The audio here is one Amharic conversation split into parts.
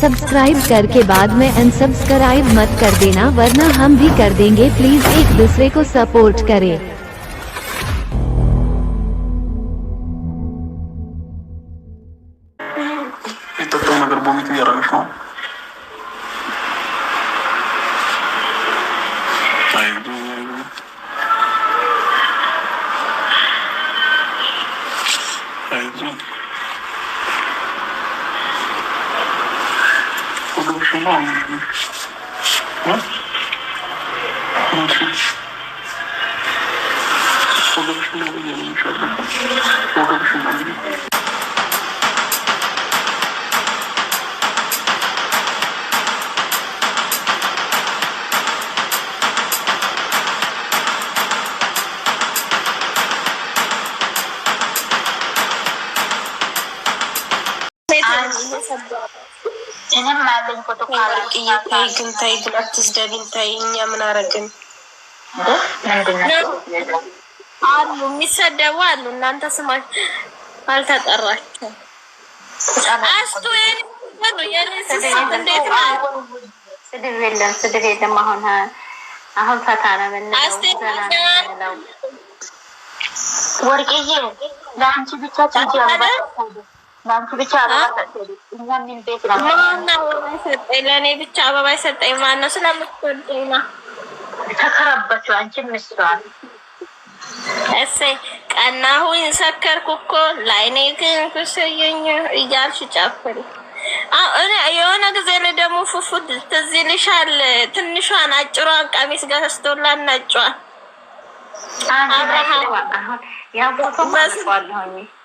सब्सक्राइब करके बाद में अनसब्सक्राइब मत कर देना वरना हम भी कर देंगे प्लीज एक दूसरे को सपोर्ट करें What? বলছি ফটোগ্রাফি নামে জানি সরকার ফটোগ্রাফি নামে ወርቅዬ ታይ ግን ታይ ግን አትስደቢን ታይ። እኛ ምን አረግን? አሉ የሚሰደቡ አሉ። እናንተ ስማች አልተጠራችሁም። አስቱ ስድብ የለም፣ ስድብ የለም። አሁን አሁን ፈታ ነው ወርቅዬ ለአንቺ ብቻ ለአንቺ ብቻ አበባ ሰጠኝ። ለእኔ ብቻ አበባ ሰጠኝ። ስለምትወደኝ ነው። ተከረበችው። እሰይ ቀናሁኝ። ሰከርኩ እኮ ላይኔ ግን እያልሽ ጨፍሪ። የሆነ ጊዜ ላይ ደግሞ ፉፉ ትዝ ይልሻል? ትንሿን አጭሯን ቀሚስ ገዝቶላት ነጯን አብርሃም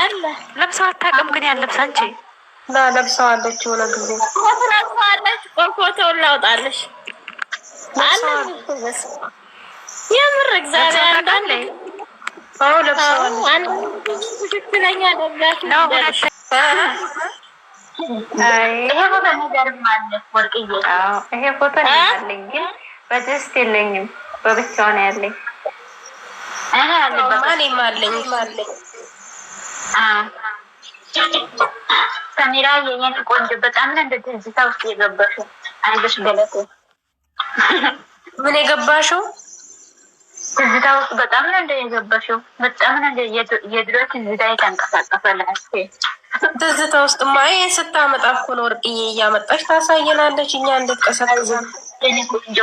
አለ ለብሳ አታውቅም። ግን ያለብሳ አንቺ ላ ለብሳዋለች ጊዜ ለብሳዋለች። ፎቶውን ላውጣለች አለ የምር እግዚአብሔር ትክክለኛ ይሄ ፎቶ ያለኝ፣ ግን የለኝም። ሰሚራ የኔን ቆንጆ በጣም ነው እንደ ትዝታ ውስጥ የገባሽው። አይዞሽ ገለቴ። ምን የገባሽው? ትዝታ ውስጥ በጣም ነው እንደ የገባሽው። በጣም ነው እንደ የድሮ ትዝታ የተንቀሳቀሰ ላስቴ ትዝታ ውስጥ ማየ ስታመጣ እኮ ነው ወርቅዬ እያመጣች ታሳየናለች እኛ እንድትቀሰቅዘን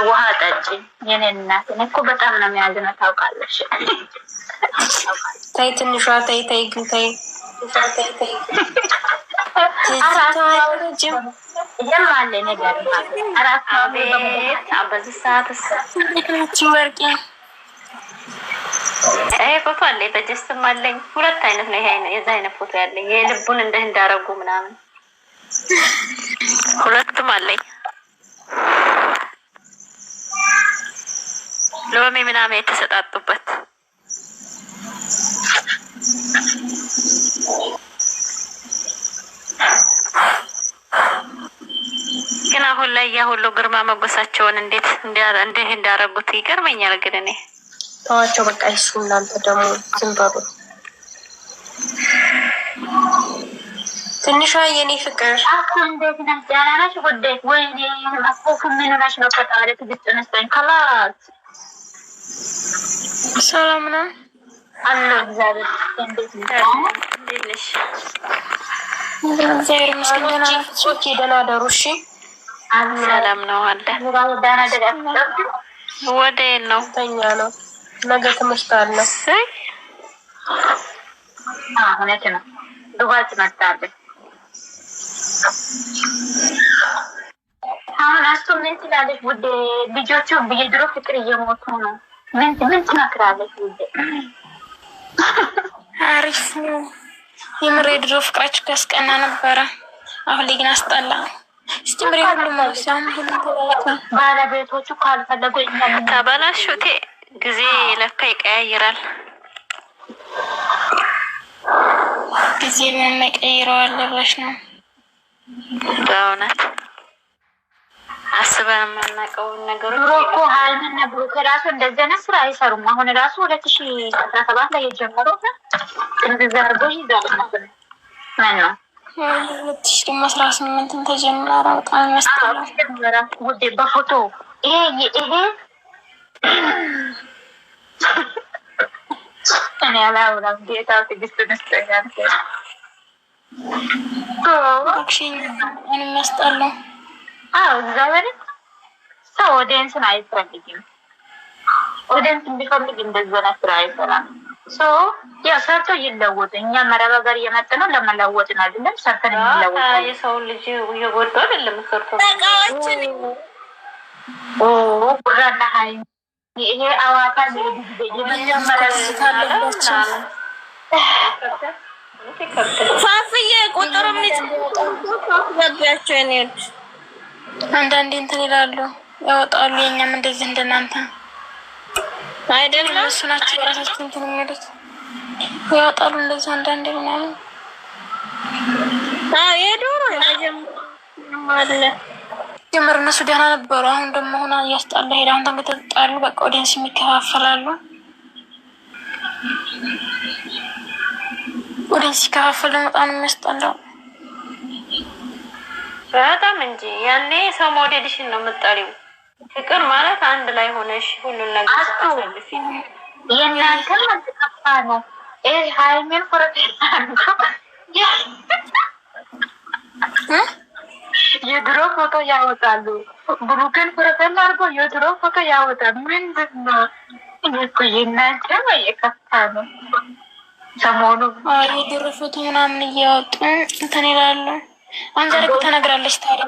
ውሃ ጠጪ የኔ እናት። እኔ እኮ በጣም ነው የሚያዝነው ታውቃለሽ። ተይ ትንሿ ተይ ተይ ግን ተይ ፎቶ አለ በጀስትም አለኝ። ሁለት አይነት ነው የዛ አይነት ፎቶ ያለኝ የልቡን እንደ እንዳረጉ ምናምን ሁለቱም አለኝ። ሎሚ ምናምን የተሰጣጡበት ግን አሁን ላይ ያ ሁሉ ግርማ መጎሳቸውን እንዴት እንዲህ እንዳረጉት ይገርመኛል። ግን እኔ ተዋቸው በቃ። እሱ እናንተ ደግሞ ዝም በሉ። ትንሿ የኔ ፍቅር እንዴት ነሽ? ደህና ነሽ? ጉዴ ወይ ምን ሆነሽ ነው? ፈጣሪ ትግስት ነስጠኝ ከላት ሰላም ነው አለ እግዚአብሔር። እንዴት ነሽ? ይመስገን ደህና ደህና ደሩ። እሺ ሰላም ነው አለ። ወደ ነው ተኛ ነው። ነገ ትምህርት አለ። እውነት ነው። ዱባይ ትመጣለች። አሁን አስቶ ምን ትላለች? ውድ ልጆቹ የድሮ ፍቅር እየሞቱ ነው ምን ምን ትመክራለች? ውድ አሪፍ ነው። የምሬ ድሮ ፍቅራችሁ ያስቀና ነበረ። አሁን ላይ ግን አስጠላ። እስቲ ምሬ ሁሉም ሁሉም ባለቤቶቹ ካልፈለጉ ካበላሹቴ ጊዜ ለካ ይቀያይራል። ጊዜ ምን መቀይረዋል ብለሽ ነው በእውነት አስበን የማናውቀውን ነገሮች ድሮ እኮ ሀይሚና ብሩክ ራሱ እንደዚህ አይነት ስራ አይሰሩም። አሁን ራሱ ሁለት ሺ አስራ ሰባት ላይ የጀመረው ጥንዝዛ አርጎ ይዛል ነበር ነው ሁለት ሺ ደግሞ አስራ ስምንትም ተጀመረ። በጣም ይመስላል ውዴ በፎቶ ይሄ ይሄ እኔ አላውራም። ጌታ ትዕግስት ይስጠኛል። ሽኝ ምን ይመስጣለሁ? አዎ እግዚአብሔር ሰው ኦዲየንስን አይፈልግም። ኦዲየንስ እንዲፈልግ እንደዘና ስራ አይሰራም። ሶ ያው ሰርቶ ይለወጡ። እኛ መረጋገር እየመጣ ነው ለመለወጥ ነው አይደለም፣ ሰርተን የሚለወጡ የሰውን ልጅ እየጎዱ አይደለም። ሰርቶ ቃዎችን ጉራና ሀይ ይሄ አዋታ ፋፍዬ ቁጥሩ ሚጽ ያቸው ኔ አንዳንዴ እንትን ይላሉ ያወጣሉ። የኛም እንደዚህ እንደናንተ አይደለም። እሱ ናቸው ራሳቸው እንትን የሚሉት ያወጣሉ። እንደዚህ አንዳንድ ምናምን የዶሮ አለ ጀምር። እነሱ ደህና ነበሩ። አሁን ደሞ ሆና እያስጣለ ሄዳ አሁን ተንገተጣሉ። በቃ ኦዲንስ የሚከፋፈላሉ። ኦዲንስ ሲከፋፈል በጣም ነው የሚያስጠላው። በጣም እንጂ ያኔ ሰው መውደድሽን ነው የምጠሪው ፍቅር ማለት አንድ ላይ ሆነሽ ሁሉን ነገር የእናንተ ጠፋ ነው። ሀይሜን ፕሮቴስታንት የድሮ ፎቶ ያወጣሉ። ብሩክን ፕሮፋይል አድርጎ የድሮ ፎቶ ያወጣ ምንድን ነው እኮ የእናንተ የከፋ ነው። ሰሞኑ የድሮ ፎቶ ምናምን እያወጡ እንትን ይላሉ። አንተ ተነግራለች ታዲያ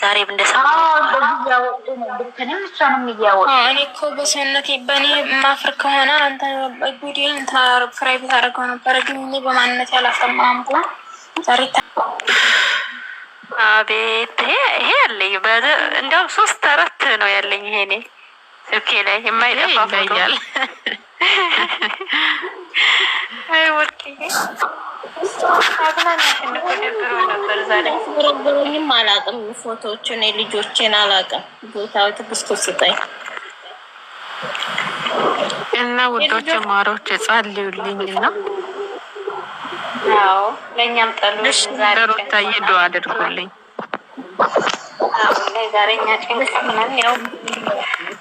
ዛሬ እኔ እኮ በሰውነት በእኔ ማፍር ከሆነ አንተ ጉዴን ፕራይቬት አደረገው ነበረ፣ ግን እኔ በማንነት ያላሰማህም ዛሬ አቤት ይሄ ያለኝ እንዲያውም ሶስት አራት ነው ያለኝ ይሄኔ ስልኬ ላይ የማይጠፋ ይለኛል። አብናሽንደብሮነበርዛለኝም አላውቅም። ፎቶዎችን ልጆችን አላውቅም። ቦታው ትግስቱ ስጠኝ እና ውዶች ማሮች ጸልዩልኝ እና ለእኛም ጠሉሽ ሮታዬ ዱአ አድርጉልኝ።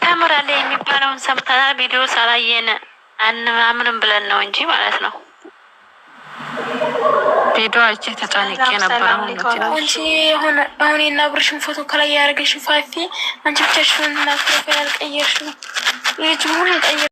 ተምራለች የሚባለውን ሰምተናል። ቪዲዮ ሳላየን ምናምንም ብለን ነው እንጂ ማለት ነው። ቪዲዮ አይቼ ተጨንቄ ነበር። አሁን ፎቶ ከላይ ያደረገሽን ፋፊ አንቺ ብቻሽን ያልቀየርሽ ልጅ ቀየር